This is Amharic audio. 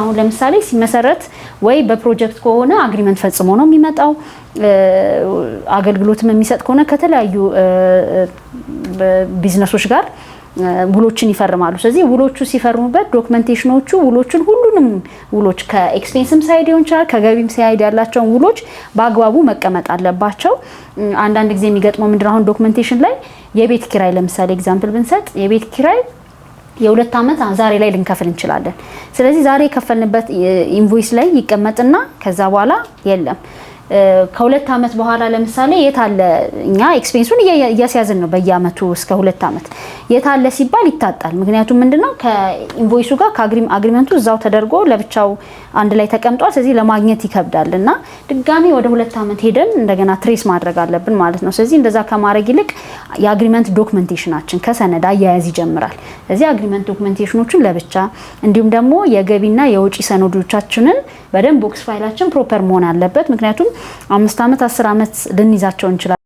አሁን ለምሳሌ ሲመሰረት ወይ በፕሮጀክት ከሆነ አግሪመንት ፈጽሞ ነው የሚመጣው። አገልግሎትም የሚሰጥ ከሆነ ከተለያዩ ቢዝነሶች ጋር ውሎችን ይፈርማሉ። ስለዚህ ውሎቹ ሲፈርሙበት ዶክመንቴሽኖቹ ውሎቹን ሁሉንም ውሎች ከኤክስፔንስም ሳይድ ሊሆን ይችላል ከገቢም ሳይድ ያላቸውን ውሎች በአግባቡ መቀመጥ አለባቸው። አንዳንድ ጊዜ የሚገጥመው ምንድን አሁን ዶክመንቴሽን ላይ የቤት ኪራይ ለምሳሌ ኤግዛምፕል ብንሰጥ የቤት ኪራይ የሁለት ዓመት ዛሬ ላይ ልንከፍል እንችላለን። ስለዚህ ዛሬ የከፈልንበት ኢንቮይስ ላይ ይቀመጥና ከዛ በኋላ የለም ከሁለት ዓመት በኋላ ለምሳሌ አለ? እኛ ኤክስፔንሱን እያስያዝን ነው በየአመቱ እስከ ሁለት ዓመት አለ ሲባል ይታጣል። ምክንያቱም ምንድነው ከኢንቮይሱ ጋር ከአግሪመንቱ እዛው ተደርጎ ለብቻው አንድ ላይ ተቀምጧል። ስለዚህ ለማግኘት ይከብዳል እና ድጋሚ ወደ ሁለት ዓመት ሄደን እንደገና ትሬስ ማድረግ አለብን ማለት ነው። ስለዚህ እንደዛ ከማድረግ ይልቅ የአግሪመንት ዶክመንቴሽናችን ከሰነድ አያያዝ ይጀምራል። ስለዚህ አግሪመንት ዶክመንቴሽኖችን ለብቻ እንዲሁም ደግሞ የገቢና የውጪ ሰነዶቻችንን በደንብ ቦክስ ፋይላችን ፕሮፐር መሆን አለበት። ምክንያቱም አምስት ዓመት አስር ዓመት ልንይዛቸው እንችላለን።